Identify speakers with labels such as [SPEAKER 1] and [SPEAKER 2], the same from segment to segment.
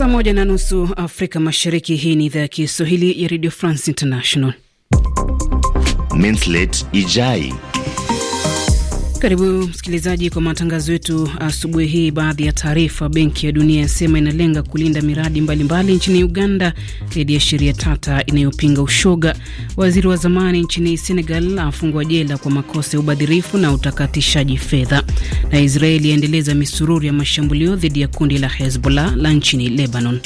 [SPEAKER 1] Saa moja na nusu Afrika Mashariki. Hii ni idhaa ya Kiswahili ya Radio France International. minslate Ijai karibu msikilizaji kwa matangazo yetu asubuhi hii. Baadhi ya taarifa: Benki ya Dunia yasema inalenga kulinda miradi mbalimbali mbali nchini Uganda dhidi ya sheria tata inayopinga ushoga. Waziri wa zamani nchini Senegal afungwa jela kwa makosa ya ubadhirifu na utakatishaji fedha, na Israeli yaendeleza misururi ya mashambulio dhidi ya kundi la Hezbollah la nchini Lebanon.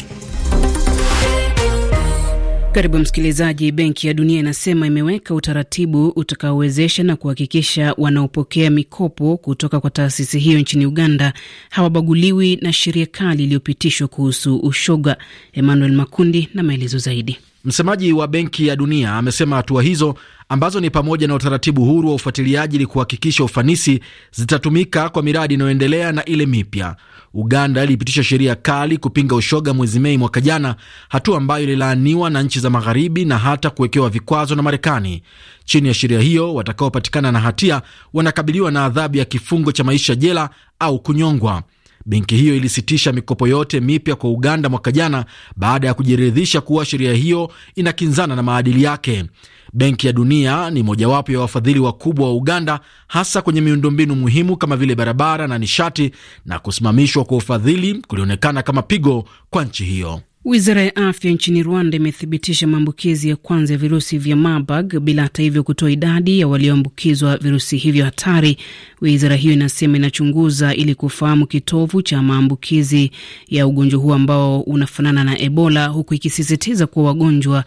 [SPEAKER 1] Karibu msikilizaji. Benki ya Dunia inasema imeweka utaratibu utakaowezesha na kuhakikisha wanaopokea mikopo kutoka kwa taasisi hiyo nchini Uganda hawabaguliwi na sheria kali iliyopitishwa kuhusu ushoga. Emmanuel Makundi na maelezo zaidi.
[SPEAKER 2] Msemaji wa Benki ya Dunia amesema hatua hizo ambazo ni pamoja na utaratibu huru wa ufuatiliaji ili kuhakikisha ufanisi zitatumika kwa miradi inayoendelea na ile mipya. Uganda ilipitisha sheria kali kupinga ushoga mwezi Mei mwaka jana, hatua ambayo ililaaniwa na nchi za Magharibi na hata kuwekewa vikwazo na Marekani. Chini ya sheria hiyo, watakaopatikana na hatia wanakabiliwa na adhabu ya kifungo cha maisha jela au kunyongwa. Benki hiyo ilisitisha mikopo yote mipya kwa Uganda mwaka jana baada ya kujiridhisha kuwa sheria hiyo inakinzana na maadili yake. Benki ya Dunia ni mojawapo ya wafadhili wakubwa wa Uganda, hasa kwenye miundombinu muhimu kama vile barabara na nishati, na kusimamishwa kwa ufadhili kulionekana kama pigo kwa nchi hiyo.
[SPEAKER 1] Wizara ya afya nchini Rwanda imethibitisha maambukizi ya kwanza ya virusi vya Marburg bila hata hivyo kutoa idadi ya walioambukizwa virusi hivyo hatari. Wizara hiyo inasema inachunguza ili kufahamu kitovu cha maambukizi ya ugonjwa huo ambao unafanana na Ebola, huku ikisisitiza kuwa wagonjwa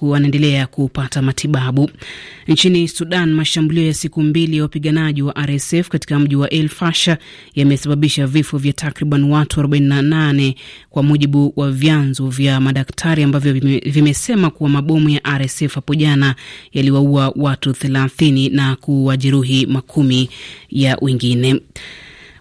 [SPEAKER 1] wanaendelea kupata matibabu. Nchini Sudan, mashambulio ya siku mbili ya wapiganaji wa RSF katika mji wa El yamesababisha vifo vya takriban watu 48 kwa mujibu wa vyanzo vya madaktari ambavyo vimesema kuwa mabomu ya RSF hapo jana yaliwaua watu thelathini na kuwajeruhi makumi ya wengine.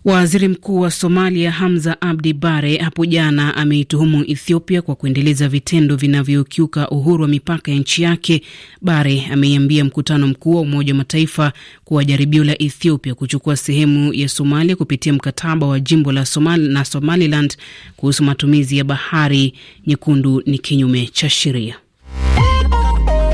[SPEAKER 1] Waziri Mkuu wa Somalia Hamza Abdi Bare hapo jana ameituhumu Ethiopia kwa kuendeleza vitendo vinavyokiuka uhuru wa mipaka ya nchi yake. Bare ameiambia mkutano mkuu wa Umoja wa Mataifa kuwa jaribio la Ethiopia kuchukua sehemu ya Somalia kupitia mkataba wa jimbo la Somali na Somaliland kuhusu matumizi ya bahari nyekundu ni kinyume cha sheria.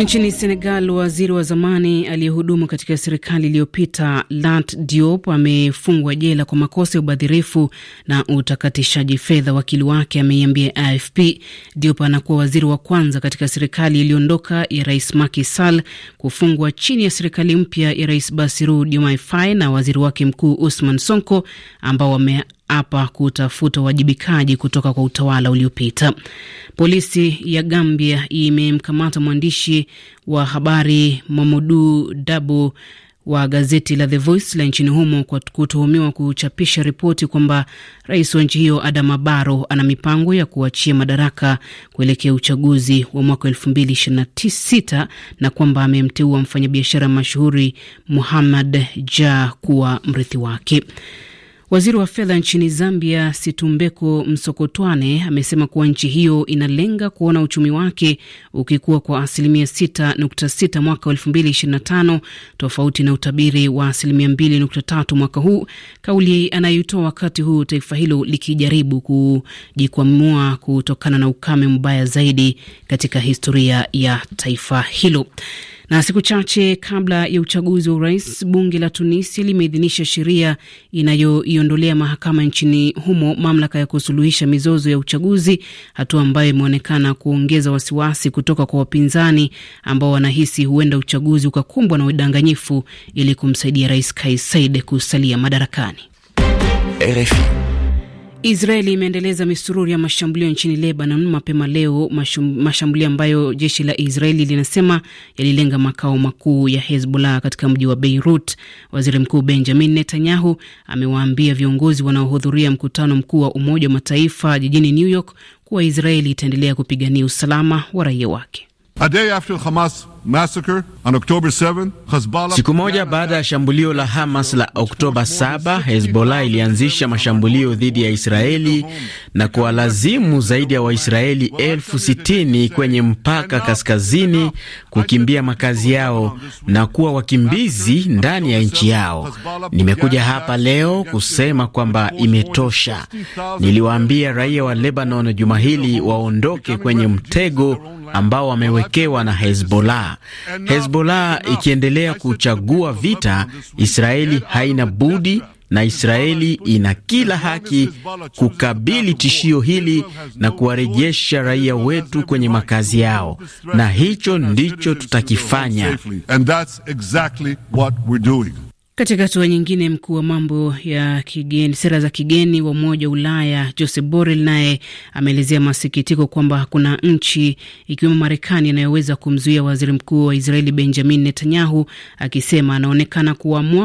[SPEAKER 1] Nchini Senegal, waziri wa zamani aliyehudumu katika serikali iliyopita Lat Diop amefungwa jela kwa makosa ya ubadhirifu na utakatishaji fedha, wakili wake ameiambia AFP. Diop anakuwa waziri wa kwanza katika serikali iliyoondoka ya Rais Macky Sall kufungwa chini ya serikali mpya ya Rais Bassirou Diomaye Faye na waziri wake mkuu usman Sonko ambao hapa kutafuta uwajibikaji kutoka kwa utawala uliopita. Polisi ya Gambia imemkamata mwandishi wa habari Mamudu Dabo wa gazeti la The Voice la nchini humo kwa kutuhumiwa kuchapisha ripoti kwamba rais wa nchi hiyo Adama Barrow ana mipango ya kuachia madaraka kuelekea uchaguzi wa mwaka 2026 na kwamba amemteua mfanyabiashara mashuhuri Muhammad Ja kuwa mrithi wake. Waziri wa fedha nchini Zambia, Situmbeko Msokotwane, amesema kuwa nchi hiyo inalenga kuona uchumi wake ukikuwa kwa asilimia 6.6 mwaka 2025 tofauti na utabiri wa asilimia 2.3 mwaka huu, kauli anayoitoa wakati huu taifa hilo likijaribu kujikwamua kutokana na ukame mbaya zaidi katika historia ya taifa hilo. Na siku chache kabla ya uchaguzi wa urais, bunge la Tunisia limeidhinisha sheria inayoiondolea mahakama nchini humo mamlaka ya kusuluhisha mizozo ya uchaguzi, hatua ambayo imeonekana kuongeza wasiwasi kutoka kwa wapinzani ambao wanahisi huenda uchaguzi ukakumbwa na udanganyifu ili kumsaidia Rais Kais Saied kusalia madarakani. RFI. Israeli imeendeleza misururi ya mashambulio nchini Lebanon mapema leo, mashambulio ambayo jeshi la Israeli linasema yalilenga makao makuu ya Hezbollah katika mji wa Beirut. Waziri Mkuu Benjamin Netanyahu amewaambia viongozi wanaohudhuria mkutano mkuu wa Umoja wa Mataifa jijini New York kuwa Israeli itaendelea kupigania usalama wa raia wake. Siku moja baada ya shambulio la Hamas la
[SPEAKER 3] Oktoba 7, Hezbollah ilianzisha mashambulio dhidi ya Israeli na kuwalazimu zaidi ya Waisraeli elfu sitini kwenye mpaka kaskazini kukimbia makazi yao na kuwa wakimbizi ndani ya nchi yao. Nimekuja hapa leo kusema kwamba imetosha. Niliwaambia raia wa Lebanon juma hili waondoke kwenye mtego ambao wamewekewa na Hezbollah. Hezbollah ikiendelea kuchagua vita, Israeli haina budi na Israeli ina kila haki kukabili tishio hili na kuwarejesha raia wetu kwenye makazi yao, na hicho ndicho tutakifanya. And that's exactly what we're doing.
[SPEAKER 1] Katika hatua nyingine, mkuu wa mambo ya kigeni, sera za kigeni wa Umoja wa Ulaya Joseph Borrell naye ameelezea masikitiko kwamba hakuna nchi ikiwemo Marekani inayoweza kumzuia waziri mkuu wa Israeli Benjamin Netanyahu, akisema anaonekana kuamua